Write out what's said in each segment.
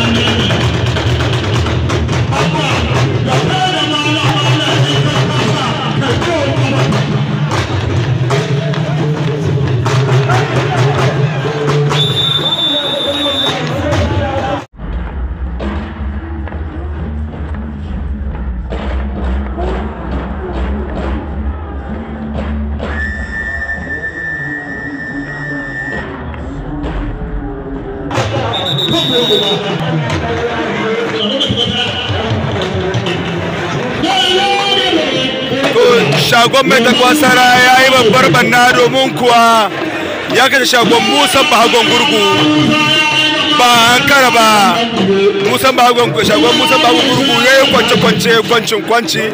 Thank you. shagon mai takwasara ya yi babbar banna domin kuwa ya kada shagon musan bahagon gurgu ba an kara ba musan bahagon shagon musan bahagon gurgu ya yi kwance-kwance kwancin kwanci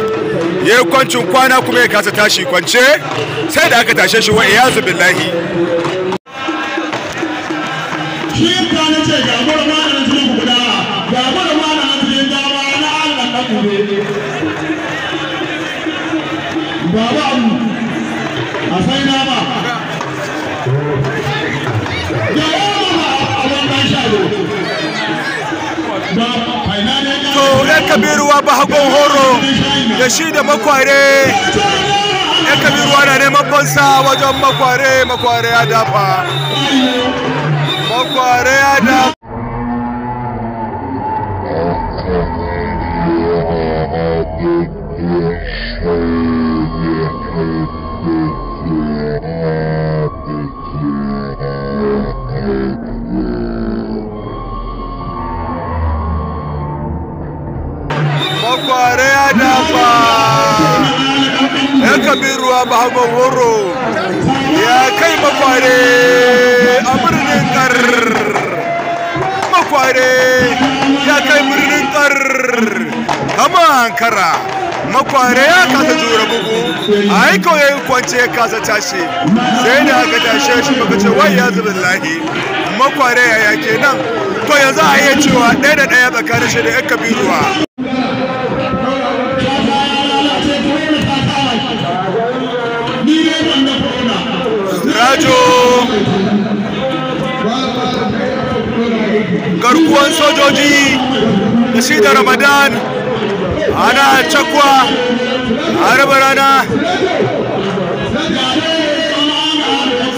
ya yi kwancin kwana kuma ya kasa tashi kwance sai da aka tashe shi wa iyazu billahi to yan kabiruwa ba hagon horo da shi da makware yan kabiruwa na neman fansa wajen makware makware ya dafa makware ya dafa akware ya dafa ya kabiruwa bahagon woro ya kai makware a birnin kar makware ya kai birnin kar kama ankara makware ya kasa jura bugu a yi kawai kwance ya kasa tashi sai da aka tashe shi baka ce wai ya zubin lahi makware ya yake nan to yanzu a iya cewa ɗaya da ɗaya tsakanin shi da 'yan kabiruwa garkuwan sojoji da shi da ramadan ana cakwa a raba rana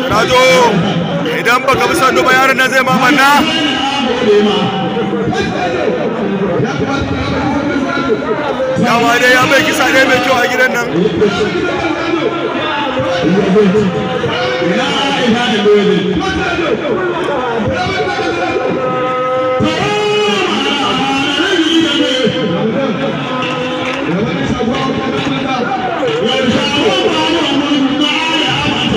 sarajo idan baka bi sandu ba yaran nan zai mamanna dama dai ya mai kisa ne mai kyau a gidan nan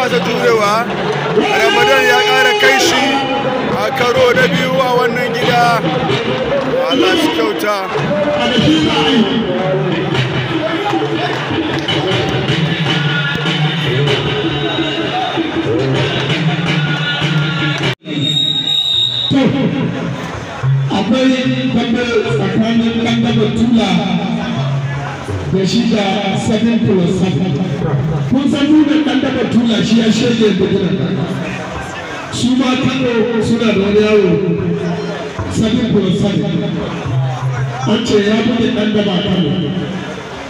kasa jurewa ramadan ya kara kai shi a karo na biyu a wannan gida allah su kyauta akwai kwambe tsakanin tula da shi da 7 plus 7 kun san tula shi ya shege da gidan su ma kano suna da wani yawo sabin kurasai an ce ya buge ɗan daba kano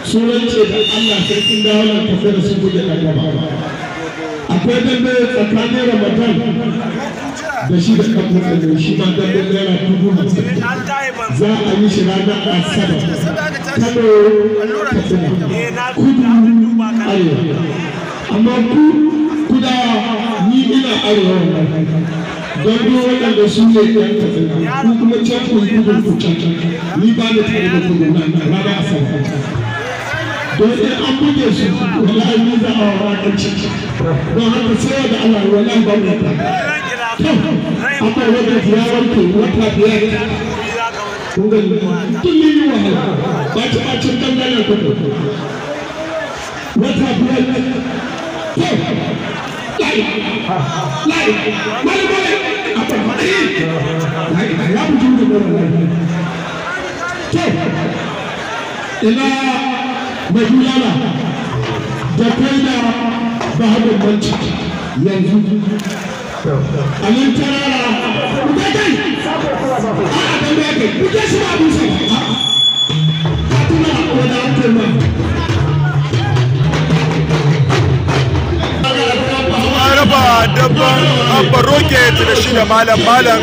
sunan ce da allah sarkin dawalar tafiya da sun buge ɗan daba akwai dambe tsakanin ramadan da shi da kan da shi ma dambe naira dubu hamsin za a yi shi ranar asabar kano katsina kudu arewa amma ku kuda ni ina arewa wannan don duk waɗanda su ne ɗan katsina ku kuma can ku yi gudun ku can ni ba da tare da kudu na ba a san. don in an buge su wallahi ni za a wakanci don haka sai da Allah wallahi ba mu ta amma wata ziyarar ke wata biyar kun ga tun yi wahala ba ta bacin dangana kudu wata biyar ina mai yara da kai da bahagun banci yanzu alin tarara kuka kai a kan da kai kuka shi ba abusa ka tuna wadda an kai an abba rocket da shi da malam malam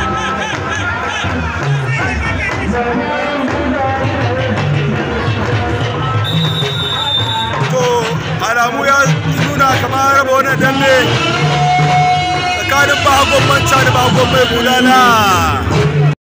mana dalle tsakanin bahagon manca da bahagon mai bulala